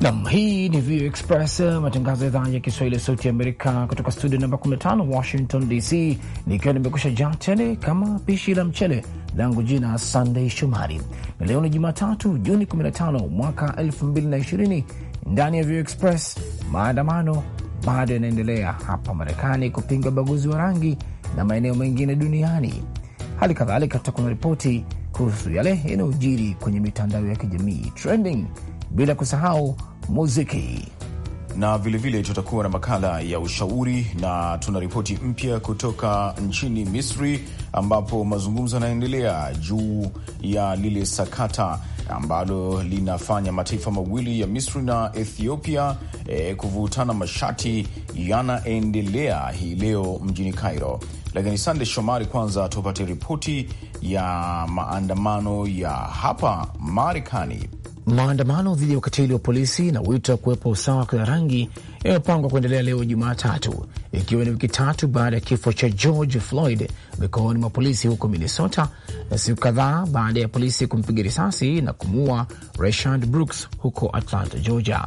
Nam, hii ni VOA Express, eh, matangazo ya idhaa ya Kiswahili ya Sauti ya Amerika kutoka studio namba 15 Washington DC, nikiwa nimekusha jaa tele kama pishi la mchele langu. Jina Sandey Shomari, na leo ni Jumatatu Juni 15 mwaka 2020. Ndani ya VOA Express, maandamano bado yanaendelea hapa Marekani kupinga ubaguzi wa rangi na maeneo mengine duniani. Hali kadhalika tutakuwa na ripoti kuhusu yale yanayojiri kwenye mitandao ya kijamii trending bila kusahau muziki na vilevile tutakuwa na makala ya ushauri na tuna ripoti mpya kutoka nchini Misri ambapo mazungumzo yanaendelea juu ya lile sakata ambalo linafanya mataifa mawili ya Misri na Ethiopia e, kuvutana mashati yanaendelea hii leo mjini Cairo. Lakini Sande Shomari, kwanza tupate ripoti ya maandamano ya hapa Marekani. Maandamano dhidi ya ukatili wa polisi na wito wa kuwepo usawa kwa rangi yamepangwa kuendelea leo Jumatatu, ikiwa ni wiki tatu baada ya kifo cha George Floyd mikononi mwa polisi huko Minnesota, na siku kadhaa baada ya polisi kumpiga risasi na kumuua Rayshard Brooks huko Atlanta, Georgia.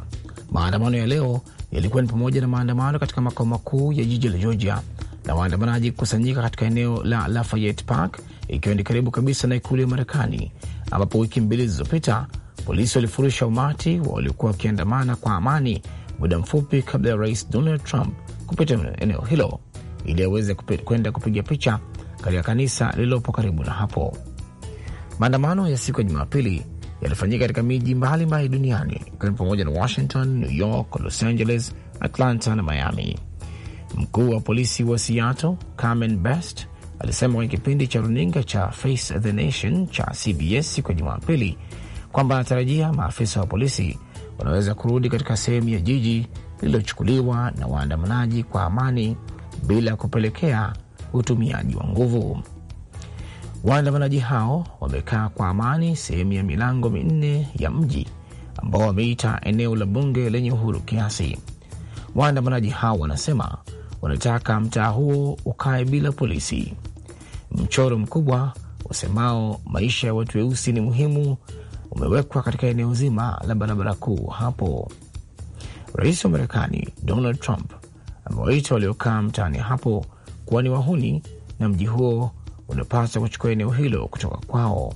Maandamano ya leo yalikuwa ni pamoja na maandamano katika makao makuu ya jiji la Georgia na waandamanaji kukusanyika katika eneo la Lafayette Park, ikiwa ni karibu kabisa na ikulu ya Marekani, ambapo wiki mbili zilizopita Polisi walifurusha umati waliokuwa wakiandamana kwa amani muda mfupi kabla ya rais Donald Trump kupita eneo hilo ili aweze kwenda kupiga picha katika kanisa lililopo karibu na hapo. Maandamano ya siku ya Jumapili yalifanyika katika miji mbalimbali duniani ikiwa pamoja na Washington, New York, Los Angeles, Atlanta na Miami. Mkuu wa polisi wa Seattle Carmen Best alisema kwenye kipindi cha runinga cha Face the Nation cha CBS siku ya Jumapili kwamba anatarajia maafisa wa polisi wanaweza kurudi katika sehemu ya jiji lililochukuliwa na waandamanaji kwa amani bila kupelekea utumiaji wa nguvu. Waandamanaji hao wamekaa kwa amani sehemu ya milango minne ya mji ambao wameita eneo la bunge lenye uhuru kiasi. Waandamanaji hao wanasema wanataka mtaa huo ukae bila polisi. Mchoro mkubwa usemao maisha ya watu weusi ni muhimu umewekwa katika eneo zima la barabara kuu hapo. Rais wa Marekani Donald Trump amewaita waliokaa mtaani hapo kuwa ni wahuni na mji huo unapaswa kuchukua eneo hilo kutoka kwao.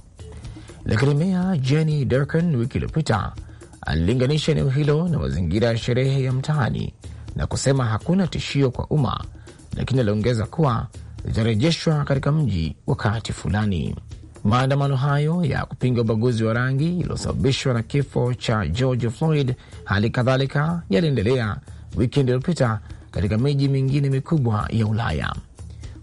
Lakini meya Jenny Durkan wiki iliyopita alilinganisha eneo hilo na mazingira ya sherehe ya mtaani na kusema hakuna tishio kwa umma, lakini aliongeza kuwa litarejeshwa katika mji wakati fulani. Maandamano hayo ya kupinga ubaguzi wa rangi yaliyosababishwa na kifo cha George Floyd hali kadhalika yaliendelea wikendi iliyopita katika miji mingine mikubwa ya Ulaya.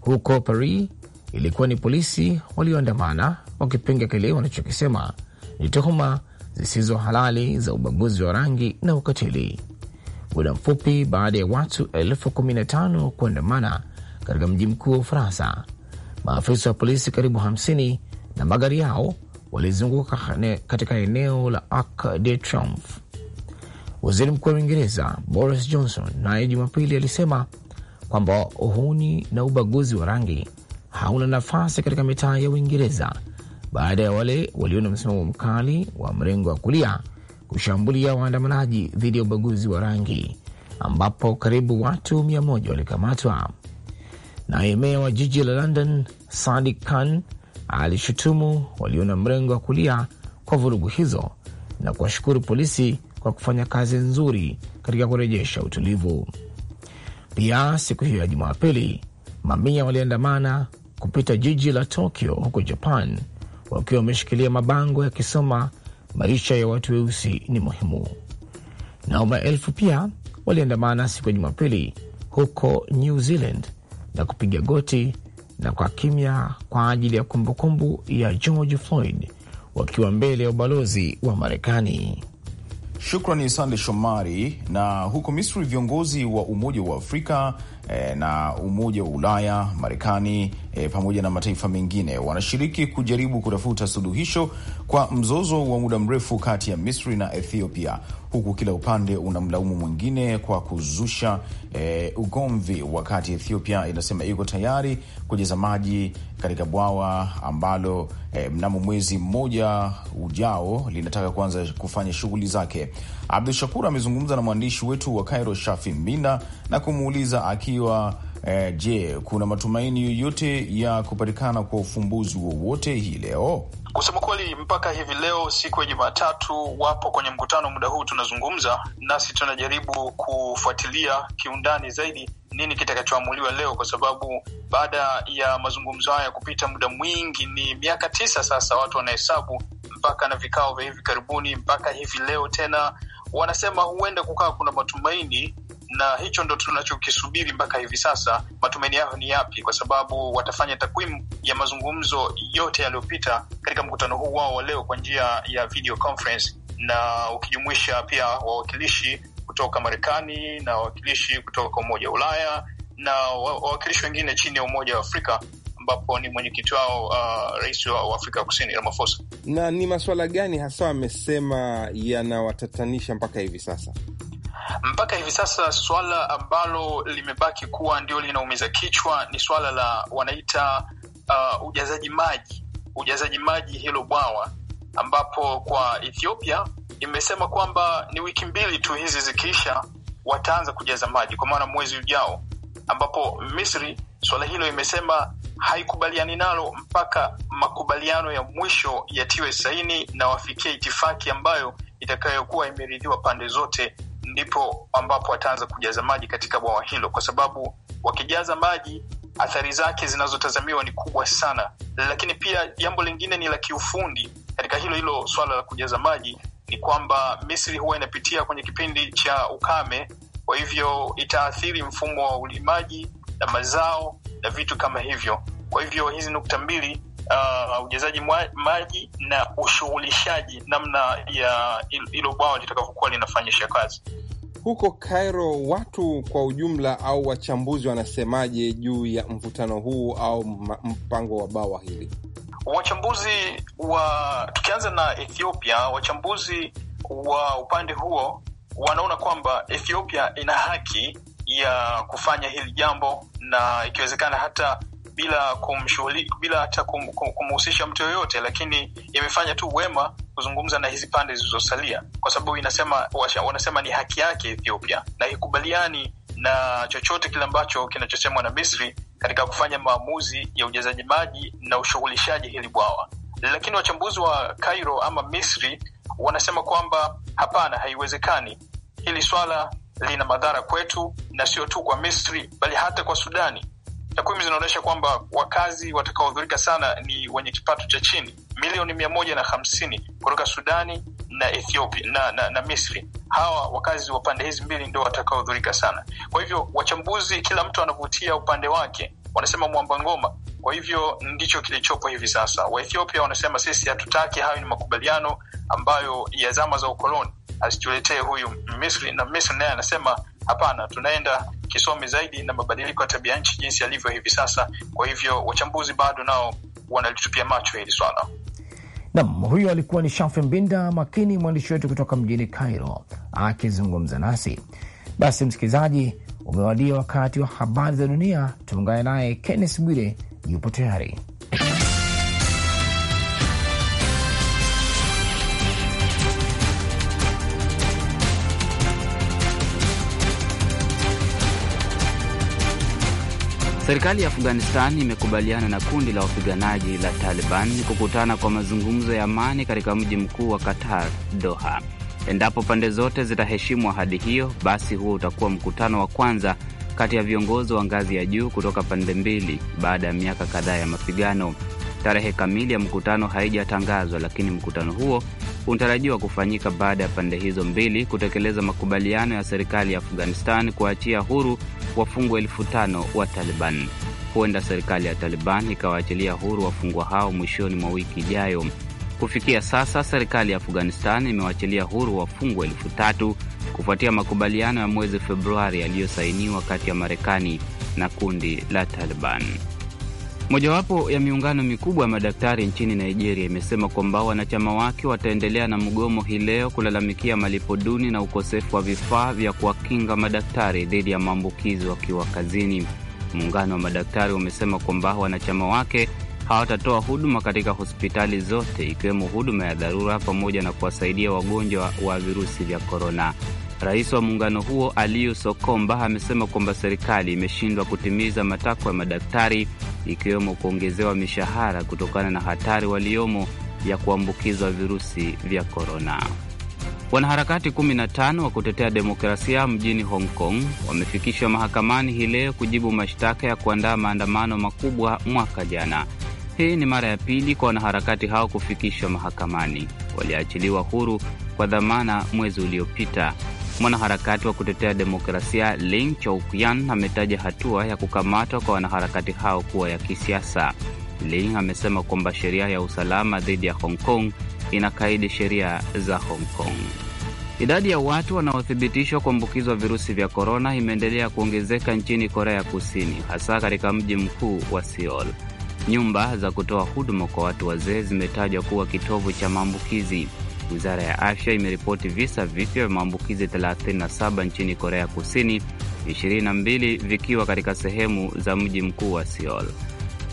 Huko Paris, ilikuwa ni polisi walioandamana wakipinga kile wanachokisema ni tuhuma zisizo halali za ubaguzi wa rangi na ukatili. Muda mfupi baada ya watu elfu kumi na tano kuandamana katika mji mkuu wa Ufaransa, maafisa wa polisi karibu 50 na magari yao walizunguka katika eneo la Arc de Triomphe. Waziri Mkuu wa Uingereza Boris Johnson naye Jumapili alisema kwamba uhuni na ubaguzi wa rangi hauna nafasi katika mitaa ya Uingereza baada ya wale walio na msimamo mkali wa mrengo wa kulia kushambulia waandamanaji dhidi ya ubaguzi wa rangi ambapo karibu watu mia moja walikamatwa. Naye meya wa jiji la London Sadiq Khan alishutumu walio na mrengo wa kulia kwa vurugu hizo na kuwashukuru polisi kwa kufanya kazi nzuri katika kurejesha utulivu. Pia siku hiyo ya Jumapili, mamia waliandamana kupita jiji la Tokyo huko Japan, wakiwa wameshikilia mabango yakisoma maisha ya watu weusi ni muhimu. Nao maelfu pia waliandamana siku ya Jumapili huko New Zealand na kupiga goti na kwa kimya kwa ajili ya kumbukumbu ya George Floyd wakiwa mbele ya ubalozi wa Marekani. Shukrani Sande Shomari. Na huko Misri, viongozi wa Umoja wa Afrika eh, na Umoja wa Ulaya, Marekani e, pamoja na mataifa mengine wanashiriki kujaribu kutafuta suluhisho kwa mzozo wa muda mrefu kati ya Misri na Ethiopia, huku kila upande unamlaumu mwingine kwa kuzusha e, ugomvi, wakati Ethiopia inasema iko tayari kujaza maji katika bwawa ambalo e, mnamo mwezi mmoja ujao linataka kuanza kufanya shughuli zake. Abdu Shakur amezungumza na mwandishi wetu wa Cairo, Shafi Mbina, na kumuuliza akiwa E, je, kuna matumaini yoyote ya kupatikana kwa ufumbuzi wowote hii leo? Kusema kweli, mpaka hivi leo siku ya Jumatatu wapo kwenye mkutano muda huu tunazungumza, nasi tunajaribu kufuatilia kiundani zaidi nini kitakachoamuliwa leo, kwa sababu baada ya mazungumzo haya kupita muda mwingi, ni miaka tisa sasa watu wanahesabu mpaka na vikao vya hivi karibuni, mpaka hivi leo tena wanasema huenda kukaa kuna matumaini na hicho ndo tunachokisubiri mpaka hivi sasa. Matumaini yao ni yapi? Kwa sababu watafanya takwimu ya mazungumzo yote yaliyopita katika mkutano huu wao wa leo kwa njia ya video conference, na ukijumuisha pia wawakilishi kutoka Marekani na wawakilishi kutoka Umoja wa Ulaya na wawakilishi wengine chini ya Umoja wa Afrika ambapo ni mwenyekiti wao uh, rais wa Afrika Kusini Ramaphosa. Na ni masuala gani hasa wamesema yanawatatanisha mpaka hivi sasa? Mpaka hivi sasa swala ambalo limebaki kuwa ndio linaumiza kichwa ni swala la wanaita uh, ujazaji maji, ujazaji maji hilo bwawa, ambapo kwa Ethiopia imesema kwamba ni wiki mbili tu hizi zikiisha wataanza kujaza maji, kwa maana mwezi ujao, ambapo Misri swala hilo imesema haikubaliani nalo mpaka makubaliano ya mwisho yatiwe saini na wafikie itifaki ambayo itakayokuwa imeridhiwa pande zote ndipo ambapo wataanza kujaza maji katika bwawa hilo, kwa sababu wakijaza maji athari zake zinazotazamiwa ni kubwa sana. Lakini pia jambo lingine ni la kiufundi katika hilo hilo swala la kujaza maji, ni kwamba Misri huwa inapitia kwenye kipindi cha ukame, kwa hivyo itaathiri mfumo wa ulimaji na mazao na vitu kama hivyo. Kwa hivyo hizi nukta mbili uh, ujazaji maji na ushughulishaji namna ya hilo bwawa litakavyokuwa linafanyisha kazi. Huko Cairo, watu kwa ujumla au wachambuzi wanasemaje juu ya mvutano huu au mpango wa bawa hili? Wachambuzi wa tukianza na Ethiopia, wachambuzi wa upande huo wanaona kwamba Ethiopia ina haki ya kufanya hili jambo na ikiwezekana hata bila kumshughuli, bila hata kumhusisha mtu yoyote, lakini imefanya tu wema kuzungumza na hizi pande zilizosalia, kwa sababu inasema, wanasema ni haki yake Ethiopia na ikubaliani na chochote kile ambacho kinachosemwa na Misri katika kufanya maamuzi ya ujazaji maji na ushughulishaji hili bwawa. Lakini wachambuzi wa Cairo ama Misri wanasema kwamba hapana, haiwezekani. Hili swala lina madhara kwetu, na sio tu kwa Misri bali hata kwa Sudani. Takwimu zinaonyesha kwamba wakazi watakaohudhurika sana ni wenye kipato cha chini milioni mia moja na hamsini kutoka Sudani na Ethiopia na, na, na Misri. Hawa wakazi wa pande hizi mbili ndio watakaohudhurika sana. Kwa hivyo wachambuzi, kila mtu anavutia upande wake, wanasema mwamba ngoma. Kwa hivyo ndicho kilichopo hivi sasa. Waethiopia wanasema sisi hatutaki, hayo ni makubaliano ambayo ya zama za ukoloni, asituletee huyu Misri, na Misri naye anasema Hapana, tunaenda kisomi zaidi na mabadiliko ya tabia nchi jinsi yalivyo hivi sasa. Kwa hivyo wachambuzi bado nao wanalitupia macho hili swala. Nam, huyo alikuwa ni shafe Mbinda Makini, mwandishi wetu kutoka mjini Cairo akizungumza nasi. Basi msikilizaji, umewadia wakati wa habari za dunia. Tuungane naye Kennes Bwire, yupo tayari. Serikali ya Afghanistan imekubaliana na kundi la wapiganaji la Taliban kukutana kwa mazungumzo ya amani katika mji mkuu wa Qatar, Doha. Endapo pande zote zitaheshimu ahadi hiyo, basi huo utakuwa mkutano wa kwanza kati ya viongozi wa ngazi ya juu kutoka pande mbili baada ya miaka kadhaa ya mapigano. Tarehe kamili ya mkutano haijatangazwa, lakini mkutano huo unatarajiwa kufanyika baada ya pande hizo mbili kutekeleza makubaliano ya serikali ya Afghanistan kuachia huru wafungwa elfu tano wa Taliban. Huenda serikali ya Taliban ikawaachilia huru wafungwa hao mwishoni mwa wiki ijayo. Kufikia sasa, serikali ya Afghanistan imewaachilia huru wafungwa elfu tatu kufuatia makubaliano ya mwezi Februari yaliyosainiwa kati ya Marekani na kundi la Taliban. Mojawapo ya miungano mikubwa ya madaktari nchini Nigeria imesema kwamba wanachama wake wataendelea na mgomo hii leo kulalamikia malipo duni na ukosefu wa vifaa vya kuwakinga madaktari dhidi ya maambukizi wakiwa kazini. Muungano wa madaktari umesema kwamba wanachama wake hawatatoa huduma katika hospitali zote ikiwemo huduma ya dharura pamoja na kuwasaidia wagonjwa wa virusi vya korona. Rais wa muungano huo Aliyu Sokomba amesema kwamba serikali imeshindwa kutimiza matakwa ya madaktari ikiwemo kuongezewa mishahara kutokana na hatari waliomo ya kuambukizwa virusi vya korona. Wanaharakati 15 wa kutetea demokrasia mjini Hong Kong wamefikishwa mahakamani hii leo kujibu mashtaka ya kuandaa maandamano makubwa mwaka jana. Hii ni mara ya pili kwa wanaharakati hao kufikishwa mahakamani. Waliachiliwa huru kwa dhamana mwezi uliopita. Mwanaharakati wa kutetea demokrasia Ling chaukyan ametaja hatua ya kukamatwa kwa wanaharakati hao kuwa ya kisiasa. Ling amesema kwamba sheria ya usalama dhidi ya Hong Kong inakaidi sheria za Hong Kong. Idadi ya watu wanaothibitishwa kuambukizwa virusi vya korona imeendelea kuongezeka nchini Korea Kusini, hasa katika mji mkuu wa Seoul. Nyumba za kutoa huduma kwa watu wazee zimetajwa kuwa kitovu cha maambukizi. Wizara ya afya imeripoti visa vipya vya maambukizi 37 nchini Korea Kusini, 22 vikiwa katika sehemu za mji mkuu wa Seoul.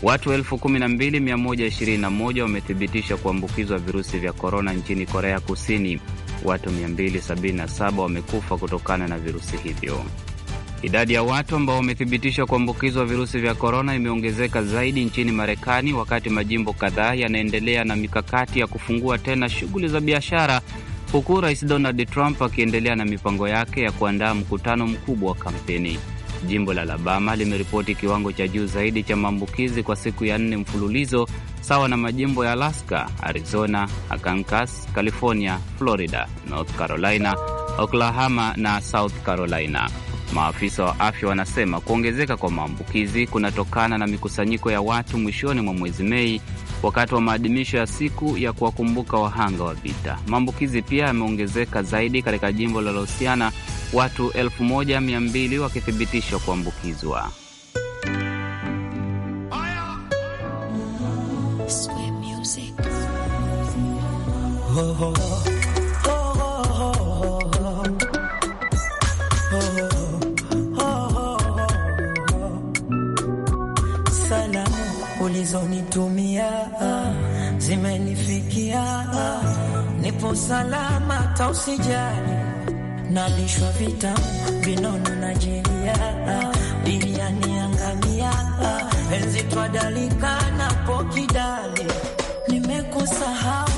Watu 12121 wamethibitisha kuambukizwa virusi vya korona nchini Korea Kusini. Watu 277 wamekufa kutokana na virusi hivyo. Idadi ya watu ambao wamethibitishwa kuambukizwa virusi vya korona imeongezeka zaidi nchini Marekani, wakati majimbo kadhaa yanaendelea na mikakati ya kufungua tena shughuli za biashara, huku Rais Donald Trump akiendelea na mipango yake ya kuandaa mkutano mkubwa wa kampeni. Jimbo la Alabama limeripoti kiwango cha juu zaidi cha maambukizi kwa siku ya nne mfululizo, sawa na majimbo ya Alaska, Arizona, Arkansas, California, Florida, North Carolina, Oklahoma na South Carolina. Maafisa wa afya wanasema kuongezeka kwa maambukizi kunatokana na mikusanyiko ya watu mwishoni mwa mwezi Mei wakati wa maadhimisho ya siku ya kuwakumbuka wahanga wa vita. Maambukizi pia yameongezeka zaidi katika jimbo la Louisiana, watu 1200 wakithibitishwa kuambukizwa. usalama, tausijali nalishwa vita vinono na ni angamia enzi twadalika pokidali nimekusahau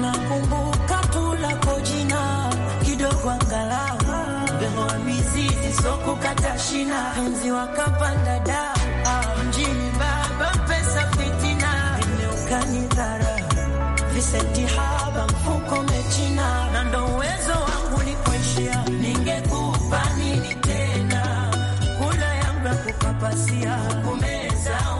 nakumbuka tulako jina kidogo angalau behoa mizizi sokukata shina enzi wakapanda da mjini baba pesa fitina vimeukani visenti haba mfu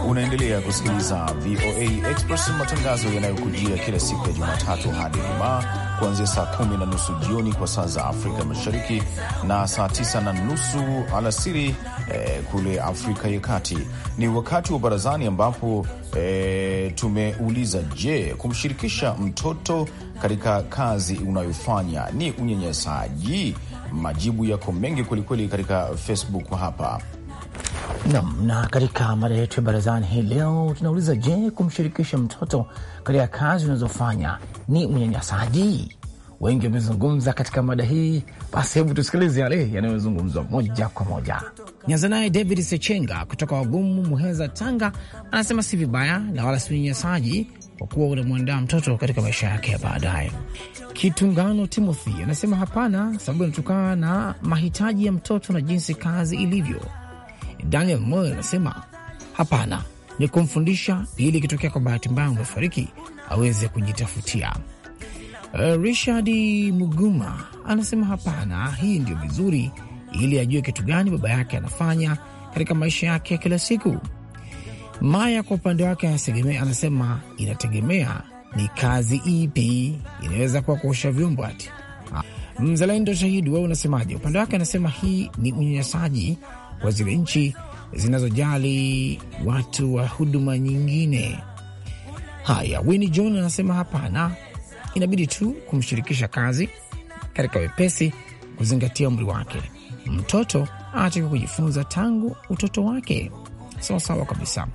Unaendelea kusikiliza VOA Express, matangazo yanayokujia kila siku ya Jumatatu hadi Ijumaa kuanzia saa kumi na nusu jioni kwa saa za Afrika Mashariki na saa tisa na nusu alasiri eh, kule Afrika ya Kati. Ni wakati wa barazani ambapo eh, tumeuliza je, kumshirikisha mtoto katika kazi unayofanya ni unyanyasaji? Majibu yako mengi kwelikweli katika Facebook hapa Nam na, na katika mada yetu ya barazani hii leo tunauliza, je, kumshirikisha mtoto katika kazi unazofanya ni unyanyasaji? Wengi wamezungumza katika mada hii, basi hebu tusikilize yale yanayozungumzwa moja kwa moja. Nyanza naye David Sechenga kutoka Wagumu, Muheza, Tanga, anasema si vibaya na wala si unyanyasaji kwa kuwa unamwandaa mtoto katika maisha yake ya baadaye. Kitungano Timothy anasema hapana, sababu inatokana na mahitaji ya mtoto na jinsi kazi ilivyo Daniel Moyo anasema hapana, ni kumfundisha ili ikitokea kwa bahati mbaya umefariki aweze kujitafutia. Eh, Richard Muguma anasema hapana, hii ndio vizuri, ili ajue kitu gani baba yake anafanya katika maisha yake ya kila siku. Maya kwa upande wake anasema inategemea ni kazi ipi, inaweza kuwa kuosha vyombo ati. Ah, Mzalendo Shahidi, wewe unasemaje? Upande wake anasema hii ni unyanyasaji kwa zile nchi zinazojali watu wa huduma nyingine. Haya, Wini John anasema hapana, inabidi tu kumshirikisha kazi katika wepesi, kuzingatia umri wake. Mtoto anatakiwa kujifunza tangu utoto wake. Sawa sawa kabisa.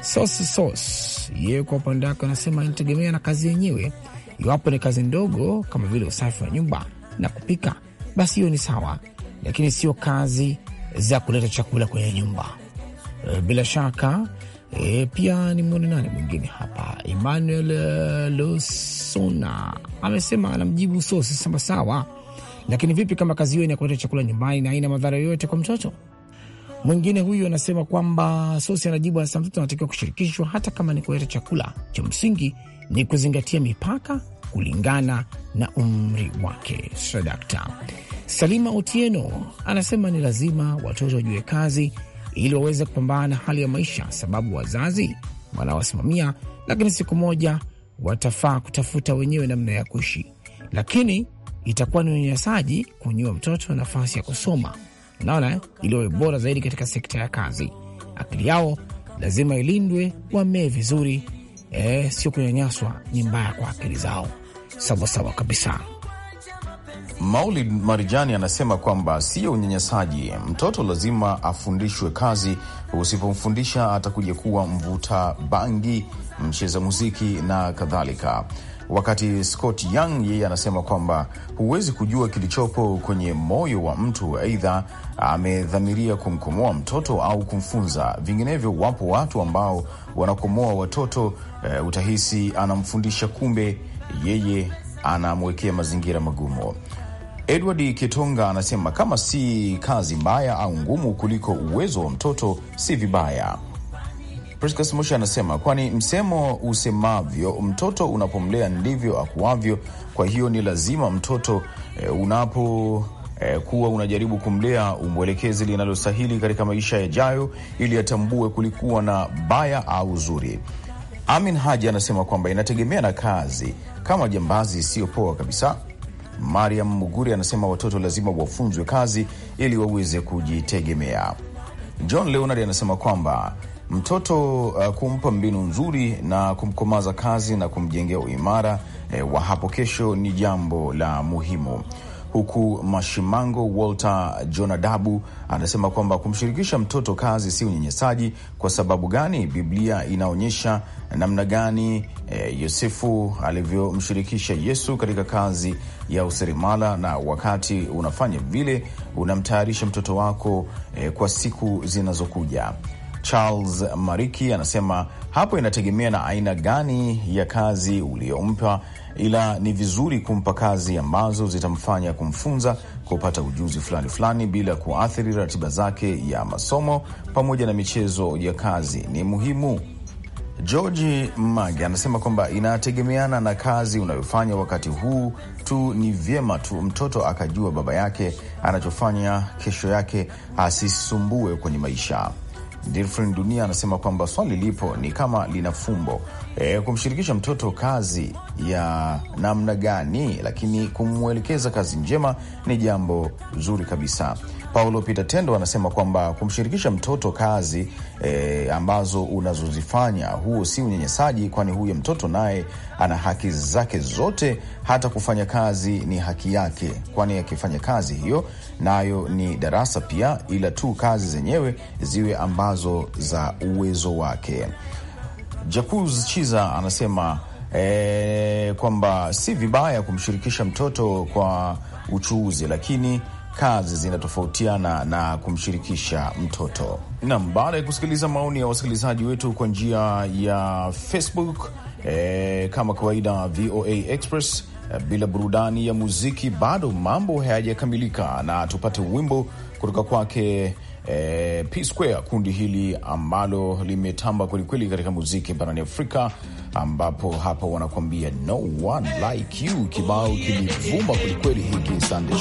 Sos Sos yeye kwa upande wake anasema inategemea na kazi yenyewe. Iwapo ni kazi ndogo kama vile usafi wa nyumba na kupika, basi hiyo ni sawa, lakini sio kazi za kuleta chakula kwenye nyumba. E, bila shaka e, pia nimeona nani mwingine hapa, Emmanuel e, Losona amesema anamjibu Sosi sema sawa, lakini vipi kama kazi hiyo ni ya kuleta chakula nyumbani na haina madhara yoyote kwa mtoto? Mwingine huyu anasema kwamba Sosi anajibu anasema mtoto anatakiwa kushirikishwa hata kama ni kuleta chakula, cha msingi ni kuzingatia mipaka kulingana na umri wake. Sadakta so, Salima Otieno anasema ni lazima watoto wajue kazi ili waweze kupambana na hali ya maisha, sababu wazazi wanawasimamia, lakini siku moja watafaa kutafuta wenyewe namna ya kuishi, lakini itakuwa ni unyanyasaji kunyua mtoto nafasi ya kusoma. Naona ili wawe bora zaidi katika sekta ya kazi, akili yao lazima ilindwe, wamee vizuri. E, sio kunyanyaswa, ni mbaya kwa akili zao. Sawasawa kabisa. Maulid Marijani anasema kwamba siyo unyanyasaji, mtoto lazima afundishwe kazi. Usipomfundisha atakuja kuwa mvuta bangi, mcheza muziki na kadhalika. Wakati Scott Young yeye anasema kwamba huwezi kujua kilichopo kwenye moyo wa mtu, aidha amedhamiria kumkomoa mtoto au kumfunza. Vinginevyo, wapo watu ambao wanakomoa watoto e, utahisi anamfundisha, kumbe yeye anamwekea mazingira magumu. Edward Kitonga anasema kama si kazi mbaya au ngumu kuliko uwezo wa mtoto si vibaya. Priscus anasema kwani msemo usemavyo mtoto unapomlea ndivyo akuavyo, kwa hiyo ni lazima mtoto e, unapo e, kuwa unajaribu kumlea umwelekezi linalostahili katika maisha yajayo, ili atambue kulikuwa na baya au zuri. Amin Haji anasema kwamba inategemea na kazi, kama jambazi isiyopoa kabisa Mariam Muguri anasema watoto lazima wafunzwe kazi ili waweze kujitegemea. John Leonard anasema kwamba mtoto uh, kumpa mbinu nzuri na kumkomaza kazi na kumjengea uimara eh, wa hapo kesho ni jambo la muhimu huku Mashimango Walter Jonadabu anasema kwamba kumshirikisha mtoto kazi si unyenyesaji Kwa sababu gani? Biblia inaonyesha namna gani e, Yosefu alivyomshirikisha Yesu katika kazi ya useremala, na wakati unafanya vile unamtayarisha mtoto wako e, kwa siku zinazokuja. Charles Mariki anasema hapo inategemea na aina gani ya kazi uliyompa ila ni vizuri kumpa kazi ambazo zitamfanya kumfunza kupata ujuzi fulani fulani bila kuathiri ratiba zake ya masomo pamoja na michezo ya kazi ni muhimu. George magi anasema kwamba inategemeana na kazi unayofanya wakati huu tu. Ni vyema tu mtoto akajua baba yake anachofanya, kesho yake asisumbue kwenye maisha. Dilfrin Dunia anasema kwamba swali lipo ni kama lina fumbo e, kumshirikisha mtoto kazi ya namna gani, lakini kumwelekeza kazi njema ni jambo zuri kabisa. Paulo Peter Tendo anasema kwamba kumshirikisha mtoto kazi e, ambazo unazozifanya huo si unyanyasaji, kwani huyo mtoto naye ana haki zake zote. Hata kufanya kazi ni haki yake, kwani akifanya kazi hiyo nayo ni darasa pia, ila tu kazi zenyewe ziwe ambazo za uwezo wake. Jakuz Chiza anasema e, kwamba si vibaya kumshirikisha mtoto kwa uchuuzi, lakini kazi zinatofautiana na kumshirikisha mtoto. nam baada ya kusikiliza maoni ya wasikilizaji wetu kwa njia ya Facebook, eh, kama kawaida VOA Express eh, bila burudani ya muziki bado mambo hayajakamilika, na tupate wimbo kutoka kwake e, P Square, kundi hili ambalo limetamba kwelikweli katika muziki barani Afrika, ambapo hapa wanakuambia no one like you. Kibao kilivuma kwelikweli hiki sande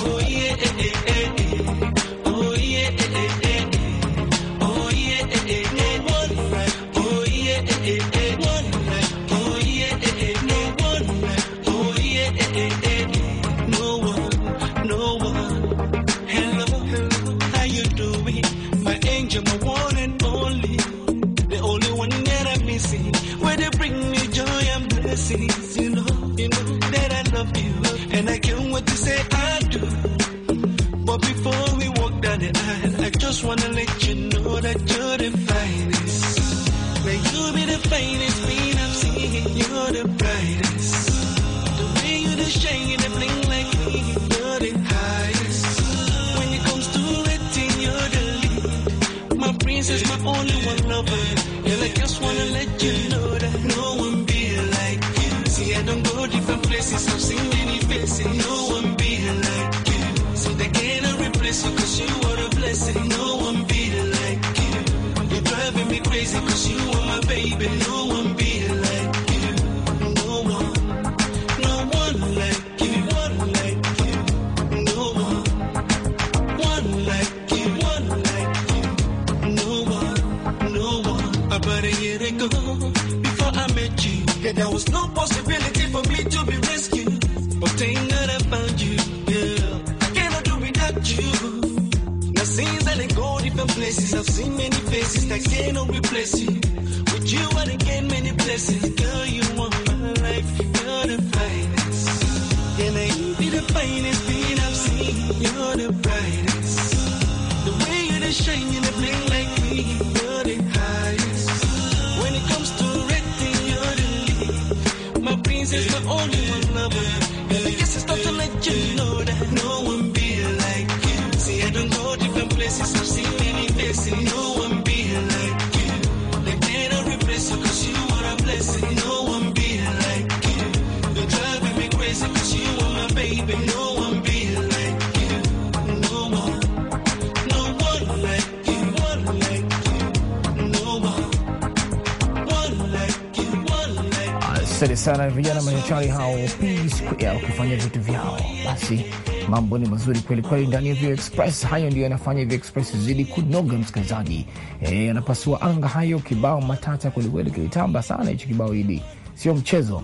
sana vijana machachari hao P Square wakifanya vitu vyao. Basi mambo ni mazuri kweli kweli ndani ya Express. Hayo ndio yanafanya Express zidi kunoga, msikilizaji e, yanapasua e, anga. Hayo kibao matata kwelikweli, kilitamba sana hicho kibao, hili sio mchezo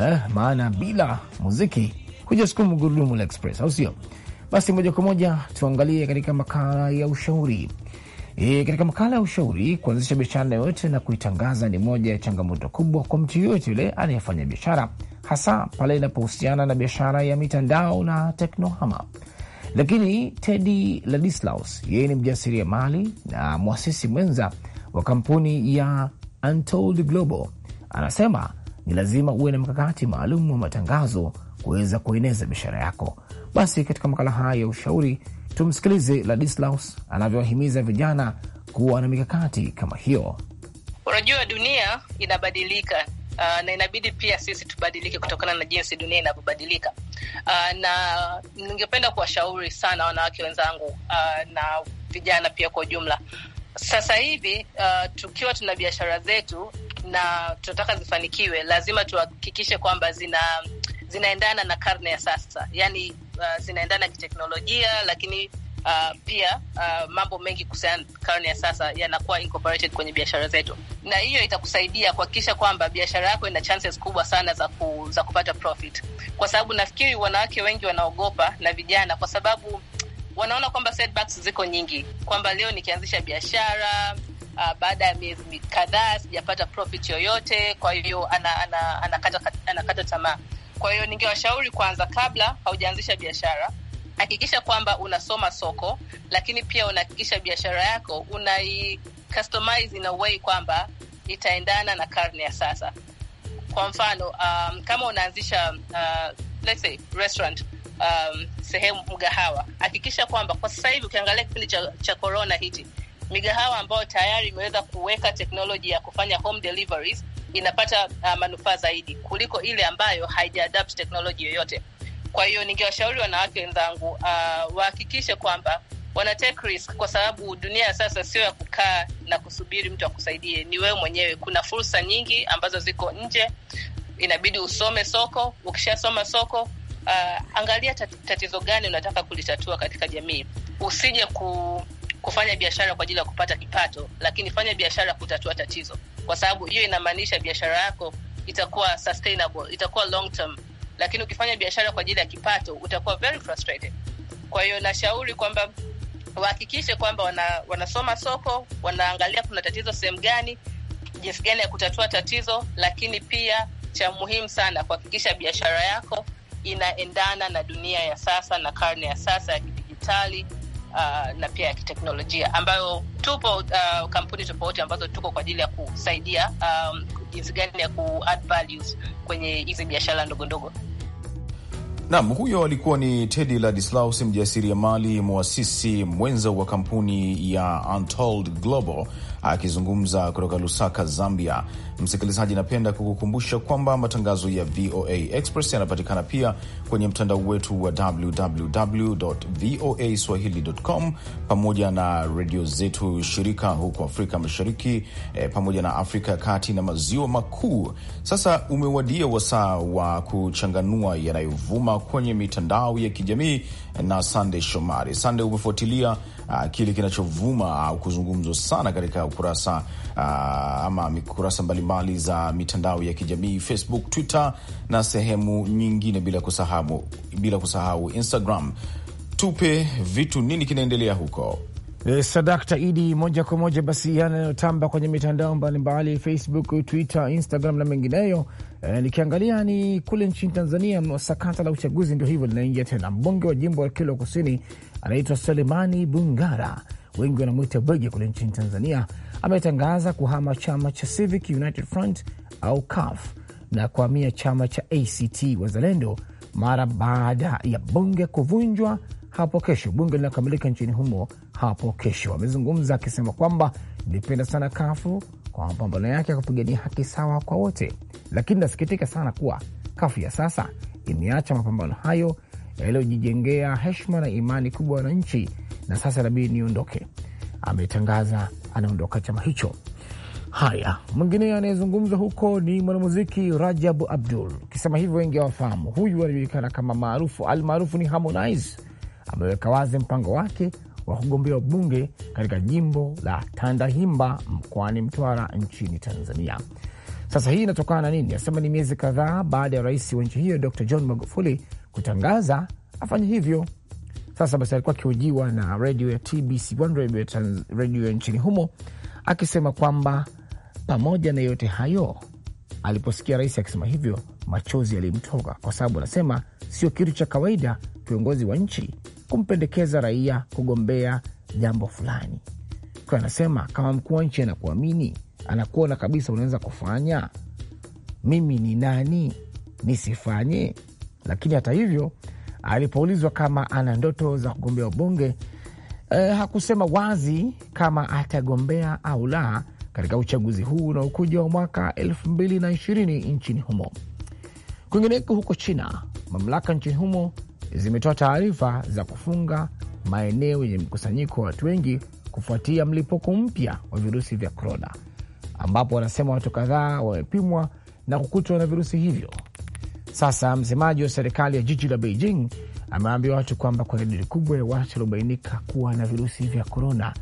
eh, maana bila muziki hujasukumu gurudumu la Express, au sio? Basi moja kwa moja tuangalie katika makala ya ushauri E, katika makala ya ushauri, kuanzisha biashara yoyote na kuitangaza ni moja ya changamoto kubwa kwa mtu yoyote yule anayefanya biashara, hasa pale inapohusiana na biashara ya mitandao na teknohama. Lakini Teddy Ladislaus, yeye ni mjasiriamali na mwasisi mwenza wa kampuni ya Untold Global, anasema ni lazima uwe na mkakati maalum wa matangazo kuweza kueneza biashara yako basi katika makala haya ya ushauri, tumsikilize Ladislaus anavyowahimiza vijana kuwa na mikakati kama hiyo. Unajua, dunia inabadilika. Uh, na inabidi pia sisi tubadilike kutokana na jinsi dunia inavyobadilika. Uh, na ningependa kuwashauri sana wanawake wenzangu uh, na vijana pia kwa ujumla. Sasa hivi uh, tukiwa tuna biashara zetu na tunataka zifanikiwe, lazima tuhakikishe kwamba zina zinaendana na karne ya sasa, yani uh, zinaendana kiteknolojia, lakini uh, pia uh, mambo mengi kuhusiana karne ya sasa yanakuwa incorporated kwenye biashara zetu, na hiyo itakusaidia kuhakikisha kwamba biashara yako ina chances kubwa sana za, ku, za kupata profit, kwa sababu nafikiri wanawake wengi wanaogopa na vijana, kwa sababu wanaona kwamba setbacks ziko nyingi, kwamba leo nikianzisha biashara Uh, baada ya miezi kadhaa sijapata profit yoyote, kwa hiyo anakata ana, ana, ana, ana, ana tamaa. Kwa hiyo ningewashauri kwanza, kabla haujaanzisha biashara, hakikisha kwamba unasoma soko, lakini pia unahakikisha biashara yako unai customize in a way kwamba itaendana na karne ya sasa. Kwa mfano um, kama unaanzisha uh, let's say restaurant um, sehemu mgahawa, hakikisha kwamba kwa sasa hivi ukiangalia kipindi cha, cha corona hichi migahawa ambayo tayari imeweza kuweka teknoloji ya kufanya home deliveries inapata uh, manufaa zaidi kuliko ile ambayo haijaadapt teknoloji yoyote. Kwa hiyo ningewashauri wanawake wenzangu uh, wahakikishe kwamba wana take risk, kwa sababu dunia ya sasa sio ya kukaa na kusubiri mtu akusaidie, ni wewe mwenyewe. Kuna fursa nyingi ambazo ziko nje, inabidi usome soko. Ukishasoma soko Uh, angalia tatizo gani unataka kulitatua katika jamii. Usije ku, kufanya biashara kwa ajili ya kupata kipato, lakini fanya biashara kutatua tatizo kwa sababu hiyo inamaanisha biashara yako itakuwa sustainable, itakuwa long term. Lakini ukifanya biashara kwa ajili ya kipato utakuwa very frustrated. Kwa hiyo nashauri kwamba wahakikishe kwamba wana, wanasoma soko, wanaangalia kuna tatizo sehemu gani, jinsi gani ya kutatua tatizo, lakini pia cha muhimu sana kuhakikisha biashara yako inaendana na dunia ya sasa na karne ya sasa ya kidijitali uh, na pia ya kiteknolojia ambayo tupo uh, kampuni tofauti ambazo tuko kwa ajili ya kusaidia um, jinsi gani ya ku add values kwenye hizi biashara ndogo ndogo. Nam, huyo alikuwa ni Teddy Ladislaus, mjasiriamali mwasisi mwenza wa kampuni ya Untold Global akizungumza kutoka Lusaka, Zambia. Msikilizaji, napenda kukukumbusha kwamba matangazo ya VOA Express yanapatikana pia kwenye mtandao wetu wa www voa swahili.com pamoja na redio zetu shirika huko Afrika Mashariki eh, pamoja na Afrika ya Kati na Maziwa Makuu. Sasa umewadia wasaa wa kuchanganua yanayovuma kwenye mitandao ya kijamii na Sande Shomari. Sande, umefuatilia uh, kile kinachovuma au uh, kuzungumzwa sana katika ukurasa uh, ama kurasa mbalimbali za mitandao ya kijamii Facebook, Twitter na sehemu nyingine, bila kusahau, bila kusahau Instagram. Tupe vitu, nini kinaendelea huko? E, Sadakta Idi, moja kwa moja basi yanayotamba kwenye mitandao mbalimbali, Facebook, Twitter, Instagram na mengineyo. E, nikiangalia ni kule nchini Tanzania, sakata la uchaguzi ndio hivyo linaingia tena. Mbunge wa jimbo la Kilwa Kusini anaitwa Selemani Bungara, wengi wanamwita Bwege kule nchini Tanzania, ametangaza kuhama chama cha Civic United Front au CUF na kuhamia chama cha ACT Wazalendo mara baada ya bunge kuvunjwa hapo kesho. Bunge linakamilika nchini humo hapo kesho. Amezungumza akisema kwamba nilipenda sana kafu kwa mapambano yake ya kupigania haki sawa kwa wote, lakini nasikitika sana kuwa kafu ya sasa imeacha mapambano hayo yaliyojijengea heshima na imani kubwa wananchi, na sasa inabidi niondoke. Ametangaza anaondoka chama hicho. Haya, mwingine anayezungumzwa huko ni mwanamuziki rajab Abdul. Ukisema hivyo wengi hawafahamu, huyu anajulikana kama maarufu almaarufu ni Harmonize. Ameweka wazi mpango wake wa kugombea ubunge katika jimbo la Tandahimba mkoani Mtwara nchini Tanzania. Sasa hii inatokana na nini? Anasema ni miezi kadhaa baada ya rais wa nchi hiyo Dr John Magufuli kutangaza afanye hivyo. Sasa basi, alikuwa akihojiwa na redio ya tbc redio ya nchini humo akisema kwamba pamoja na yote hayo, aliposikia rais akisema hivyo, machozi yalimtoka, kwa sababu anasema sio kitu cha kawaida kiongozi wa nchi kumpendekeza raia kugombea jambo fulani. Kwa anasema kama mkuu wa nchi anakuamini, anakuona kabisa, unaweza kufanya, mimi ni nani nisifanye? Lakini hata hivyo, alipoulizwa kama ana ndoto za kugombea ubunge e, hakusema wazi kama atagombea au la katika uchaguzi huu unaokuja wa mwaka ishirini nchini humo. Kwingineko huko China, mamlaka nchini humo zimetoa taarifa za kufunga maeneo yenye mkusanyiko wa watu wengi kufuatia mlipuko mpya wa virusi vya korona, ambapo wanasema watu kadhaa wamepimwa na kukutwa na virusi hivyo. Sasa msemaji wa serikali ya jiji la Beijing amewaambia watu kwamba kuna idadi kubwa ya watu waliobainika kuwa na virusi vya korona.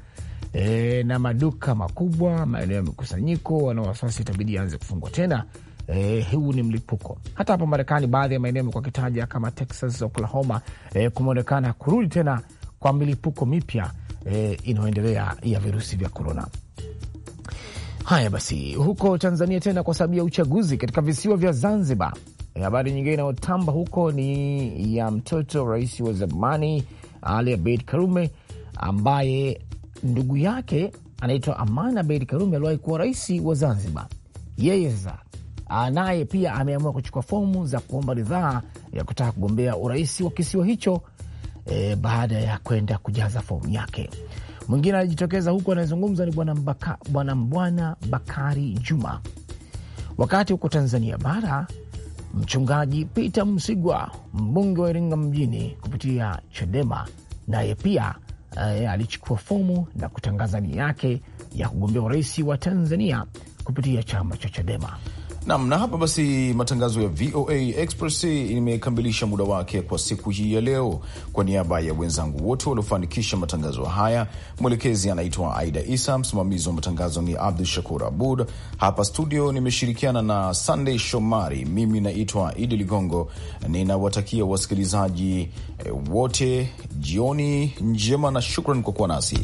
E, na maduka makubwa, maeneo ya mikusanyiko, wana wasiwasi itabidi aanze kufungwa tena eh, huu ni mlipuko. Hata hapa Marekani baadhi ya maeneo amekuwa kitaja kama Texas, Oklahoma, eh, kumeonekana kurudi tena kwa milipuko mipya eh, inayoendelea ya virusi vya korona. Haya basi, huko Tanzania tena kwa sababu ya uchaguzi katika visiwa vya Zanzibar. Eh, habari nyingine inayotamba huko ni ya mtoto rais wa zamani Ali Abeid Karume, ambaye ndugu yake anaitwa aman Abeid Karume aliwahi kuwa rais wa Zanzibar. Yeye sasa Ah, naye pia ameamua kuchukua fomu za kuomba ridhaa ya kutaka kugombea urais wa kisiwa hicho e, baada ya kwenda kujaza fomu yake. Mwingine anajitokeza huku anayezungumza ni bwana Mbwana Bakari Juma. Wakati huko Tanzania bara, mchungaji Peter Msigwa, mbunge wa Iringa mjini kupitia Chadema, naye pia e, alichukua fomu na kutangaza nia yake ya kugombea urais wa Tanzania kupitia chama cha Chadema. Nam na hapa basi, matangazo ya VOA Express imekamilisha muda wake kwa siku hii ya leo. Kwa niaba ya wenzangu wote waliofanikisha matangazo haya, mwelekezi anaitwa Aida Isa, msimamizi wa matangazo ni Abdu Shakur Abud. Hapa studio nimeshirikiana na Sandey Shomari, mimi naitwa Idi Ligongo. Ninawatakia wasikilizaji e, wote jioni njema na shukran kwa kuwa nasi.